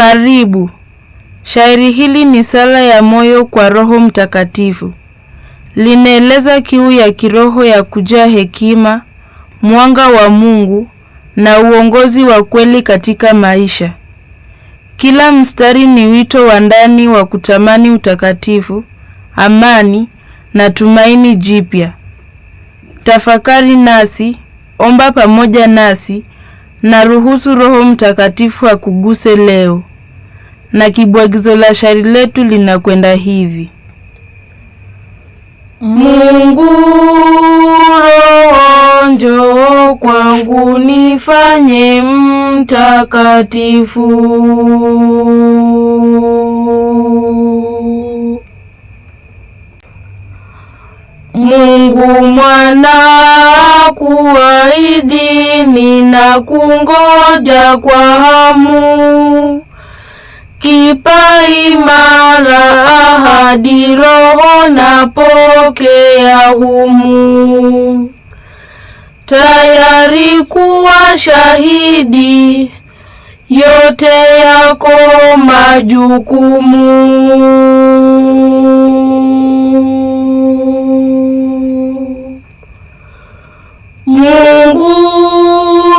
Karibu. Shairi hili ni sala ya moyo kwa Roho Mtakatifu. Linaeleza kiu ya kiroho ya kujaa hekima, mwanga wa Mungu na uongozi wa kweli katika maisha. Kila mstari ni wito wa ndani wa kutamani utakatifu, amani na tumaini jipya. Tafakari nasi, omba pamoja nasi na ruhusu Roho Mtakatifu akuguse leo na kibwagizo la shairi letu linakwenda hivi: Mungu Roho njoo kwangu, nifanye mtakatifu. Mungu Mwana kuahidi, ninakungoja kwa hamu Kipa imara ahadi roho napokea humu, tayari kuwa shahidi yote yako majukumu. Mungu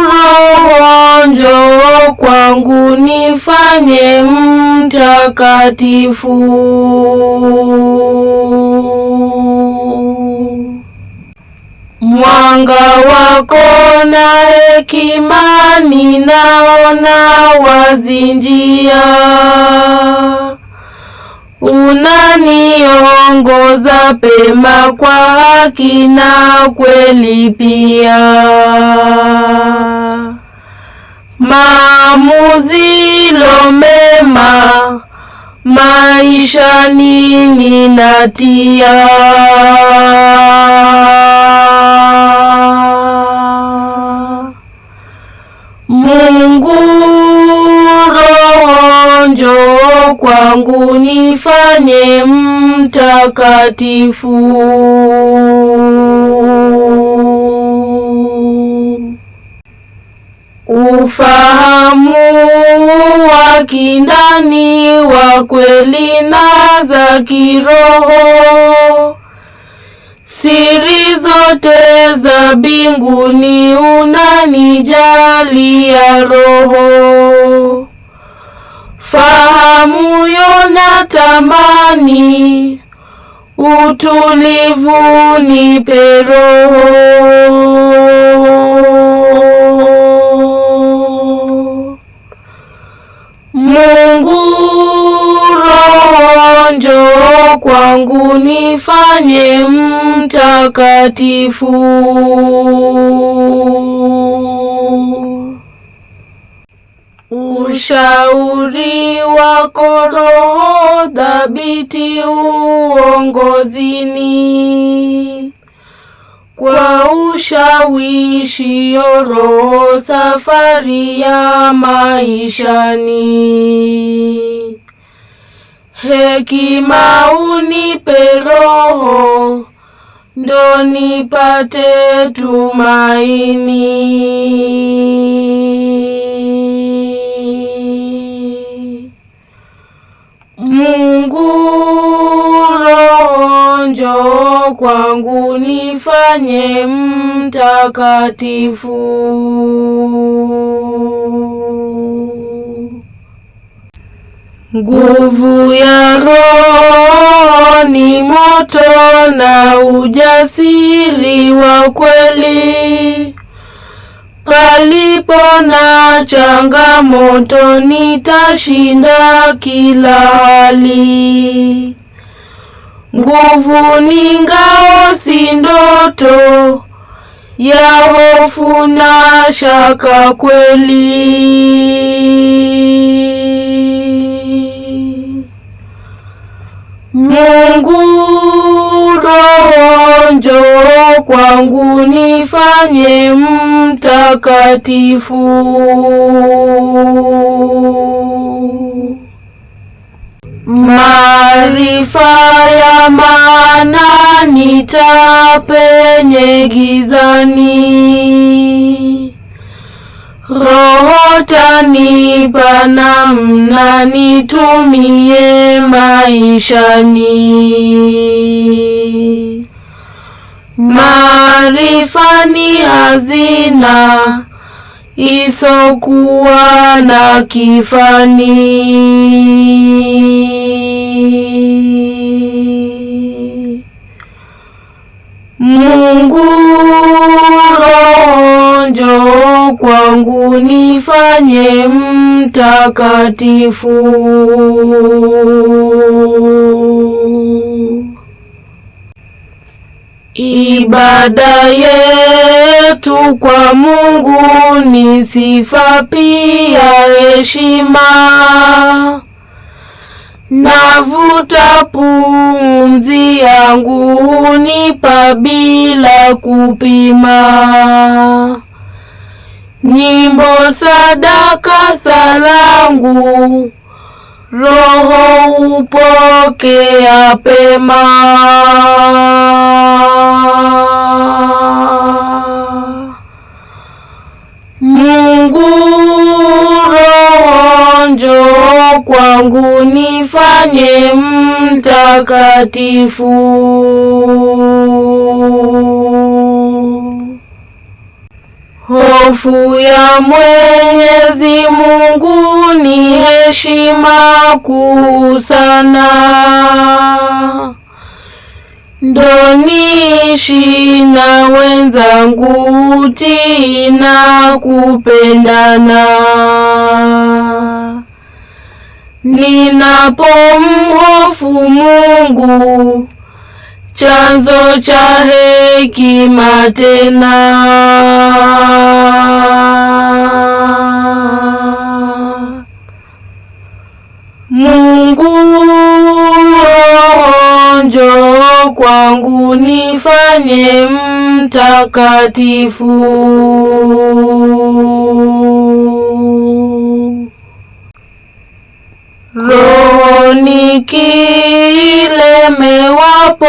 roho njoo ni Tufanye mtakatifu. Mwanga wako na hekima ninaona wazi njia, unaniongoza pema kwa haki na kweli pia maamuzi lomema maishani ninatia. Mungu Roho kwangu nifanye mtakatifu. ufahamu wa kindani wa kweli na za kiroho, siri zote za mbinguni unanijalia Roho, fahamu yona tamani utulivu nipe Roho. Njoo kwangu nifanye mtakatifu. Ushauri wako Roho dhabiti uongozini, kwa ushawishi Roho safari ya maishani Hekima unipe Roho, ndo nipate tumaini. Mungu Roho, njoo kwangu, nifanye mtakatifu. Nguvu ya Roho ni moto na ujasiri wa kweli. Palipo na changamoto, nitashinda kila hali. Nguvu ni ngao, si ndoto ya hofu na shaka kweli. Mungu Roho njoo kwangu nifanye mtakatifu. Maarifa ya maana ni gizani Roho tanipa namna nitumie maishani. Maarifa ni hazina isokuwa na kifani. Mungu Roho njoo kwangu nifanye mtakatifu. Ibada yetu kwa Mungu ni sifa pia heshima. Navuta pumzi yangu hunipa bila kupima. Nyimbo, sadaka, salangu, Roho hupokea pema. Mungu, Roho njoo kwangu, nifanye mtakatifu. Hofu ya Mwenyezi Mungu ni heshima kuu sana, ndo niishi na wenzangu utii na kupendana. Ninapomhofu Mungu chanzo cha hekima tena. Mungu Roho, kwangu nifanye mtakatifu. Roho nikilemewapo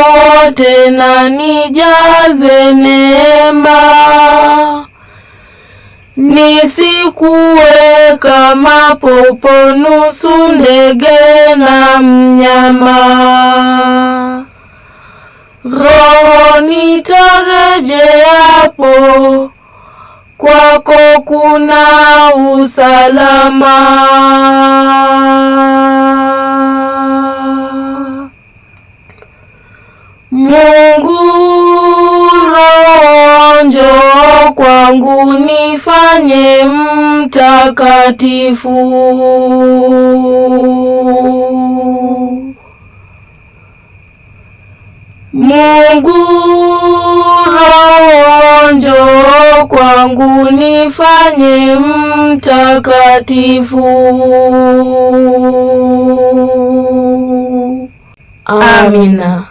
tena nijaze neema nisikuwe kama popo nusu ndege na mnyama. Roho nitarejeapo, kwako kuna usalama. Mungu ronjo kwangu nifanye mtakatifu. Mungu ronjo kwangu nifanye mtakatifu. Amina.